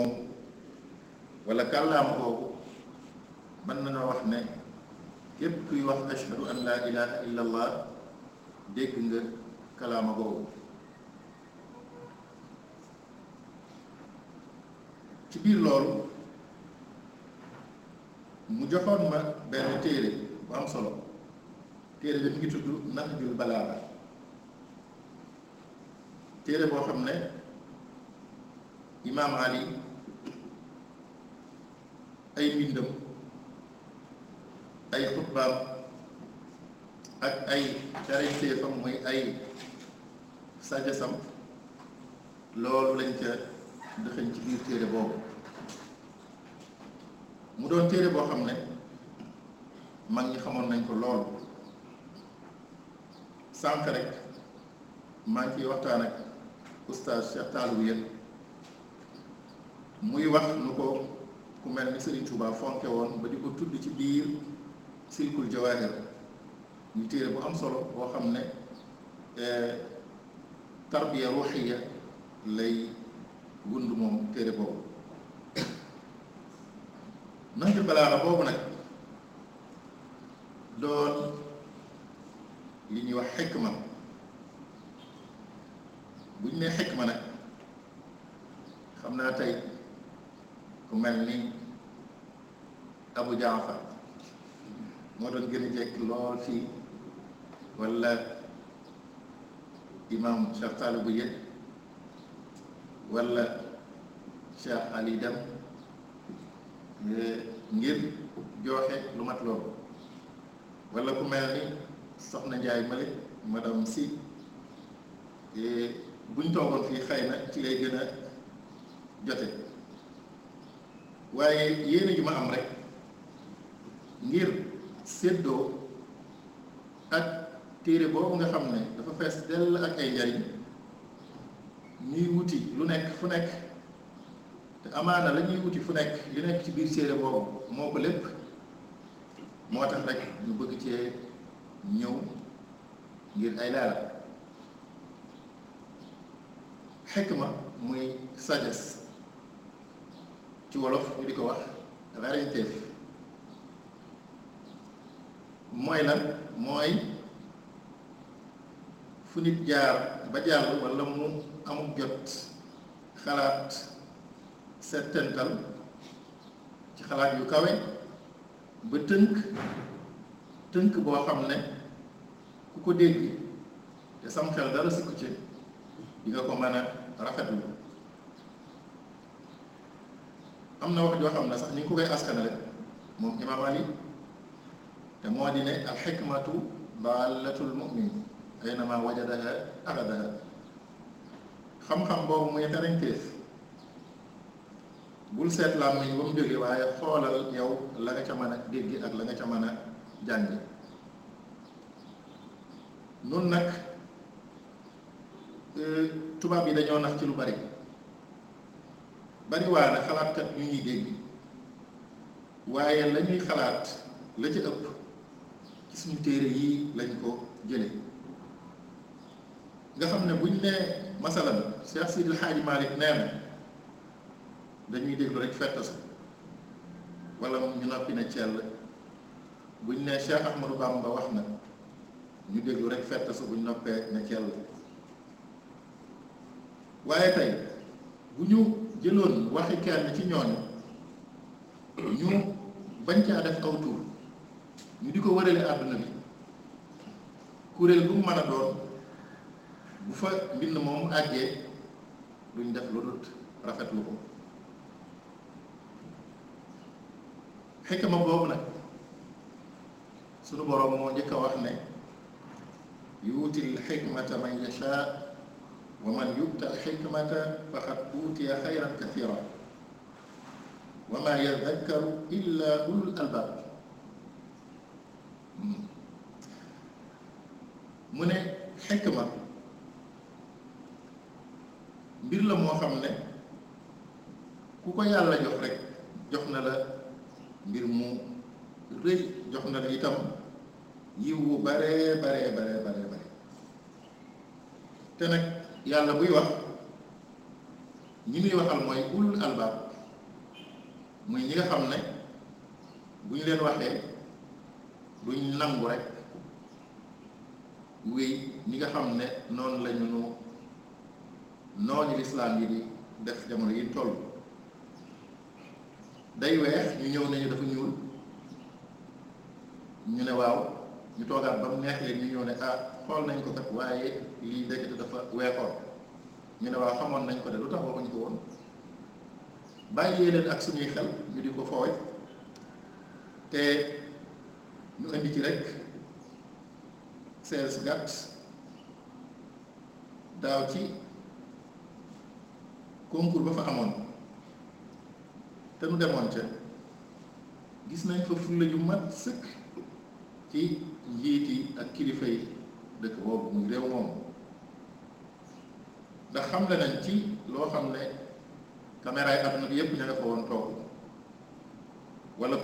moomu wala kàllaama googu mën nañoo wax ne képp kuy wax ashhadu an laa ilaha illa allah dégg nga kàllaama googu ci biir loolu mu joxoon ma benn téere bu am solo téere bi mu ngi tudd Nahjul Balaaga téere boo xam ne imaam Ali ay mbindam ay xutbaam ak ay xarañteefam mooy ay sajasam loolu lañ ca dëxëñ ci biir téere boobu mu doon téere boo xam ne mag ñi xamoon nañ ko loolu sànq rek maa ngi ciy waxtaan ak oustaz Cheikh Tallou Yène muy wax nu ko ku mel ni Serigne Touba fonke woon ba di ko tudd ci biir silkul jawahir ñu téere bu am solo boo xam ne eh, tarbiya ruuxiya lay wund moom téere boobu naxju balaaxa boobu nag doon li ñuy wax xikma bu ñu nee xikma nag xam naa tey ku mel ni Abu Jaafar moo doon gën a jekk lool si wala imam Cheikh Taalib bu yëg wala Cheikh Ali Dem eh, ngir joxe lu loolu wala ku mel ni Soxna Njaay Malik madame si eh, buñ toogoon fii xëy na ci lay gën a jote waaye yéene ju ma am rek ngir séddoo ak téere boobu nga xam ne dafa fees dell ak ay njariñ ñuy wuti lu nekk fu nekk te amaana la ñuy wuti fu nekk li nekk ci biir téere boobu moo ko lépp moo tax rek ñu bëgg cee ñëw ngir ay laal xekk ma muy sagesse ci wolof ñu di ko wax variété bi mooy lan mooy fu nit jaar ba jàll wala mu amul jot xalaat settental ci xalaat yu kawe ba tënk tënk boo xam ne ku ko dégg te sam xel dara sikku ci di nga ko mën a rafetlu am na wax joo xam na sax ñu ngi ko koy askanale moom imaam Ali te moo di ne alxikmatu baalatul mumin aynama wajadaha axadaha xam-xam boobu muy xarañteef bul seet làmmiñ ba mu jógee waaye xoolal yow la nga ca mën a dégg ak la nga ca mën a jàng nun nag euh, tubaab yi dañoo nax ci lu bari bariwaa na xalaatkat yu ñuy dégg waaye la xalaat la ca ëpp ci suñu téere yii lañ ko jële nga xam ne buñ ne masalan Cheikh Sidil Hadji Malick nee na dañuy déglu rek fettasu wala ñu noppi ne cell buñ ne Cheikh Ahmadou Bamba wax na ñu déglu rek fettasu buñ noppee ne cell waaye tey bu ñu jëloon waxi kenn ci ñooñu ñu bañ caa def aw tuur ñu di ko wërale àdduna bi kuréel bu mu mën a doon bu fa mbind moom àggee duñ def lu dut rafetlu ko xikma boobu nag sunu boroom moo njëkk a wax ne yuutil xikmata man yashaa wa man yubta alxikmata faqad utiya xayran kacira wa ma yadakkaru illa ulul albab mu ne xikma mbir la moo xam ne ku ko yàlla jox rek jox na la mbir mu rëy jox na la itam yiw wu baree baree bare te nag yàlla buy wax ñi muy waxal mooy ulul albaab muy ñi nga xam ne bu ñu leen waxee duñ nangu rek wéy ñi nga xam ne noonu la ñu nooñu lislaam yi di def jamono yi toll day weex ñu ñëw nañu dafa ñuul ñu ne waaw ñu toogaat ba neex leen ñu ñëw ne ah xool nañ ko kat waaye lii ndekete dafa weexoon ñu ne waaw xamoon nañ ko de lu tax waxuñ ko woon bàyyee leen ak suñuy xel ñu di ko fooy te ñu indi ci rek seize gàtt daaw ci concours ba fa amoon te nu demoon ca gis nañ fa fulla yu mat sëkk ci njiit yi ak kilifa yi dëkk boobu muy réew moom ndax xam le nañ ci loo xam ne caméra yi àdduna bi yépp ña nga fa woon toog wala